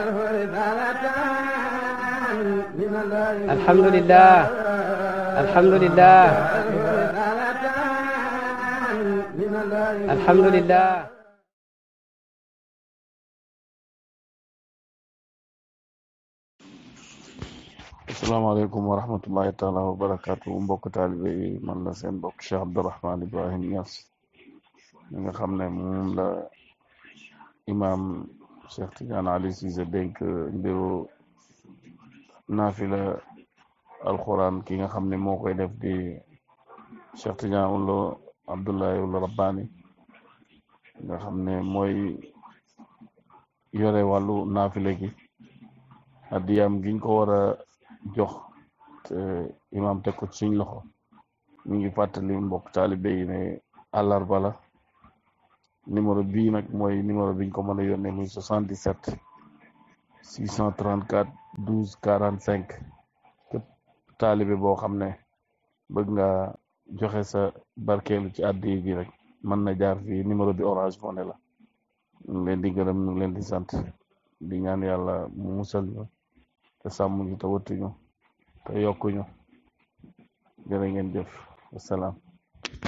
alhamdulilah alhamdulilah alhamdulilah asalaamaaleykum wa rahmatullahi taala wa barakaatu mbokk taalibe yi man la seen mbokk Cheikh Abdourahmane Ibrahim Niass mi nga xam ne moom la imam Cheikh Tidiane Ali Cissé dénk uh, mbiru naafila alquran ki nga xam ne moo koy def di Cheikh Tidiane Ullo Rabbani nga xam ne mooy yore wàllu naafila gi addiyam giñ ko war a jox te imam teg ko ci suñ loxo mi ngi fàttali mbokk taalibe yi numéro bii nag mooy numéro biñ ko mën a yónnee muy 77 634 12 45 képp taalibe boo xam ne bëgg nga joxe sa barkeelu ci addi bi rek mën na jaar fii numéro bi orange money la ñu ngi leen di gërëm ñu ngi leen di sant di ñaan yàlla mu musal ñu te sàmm ñu te wëttuñu te yokkuñu jërë ngeen jëf wasalaam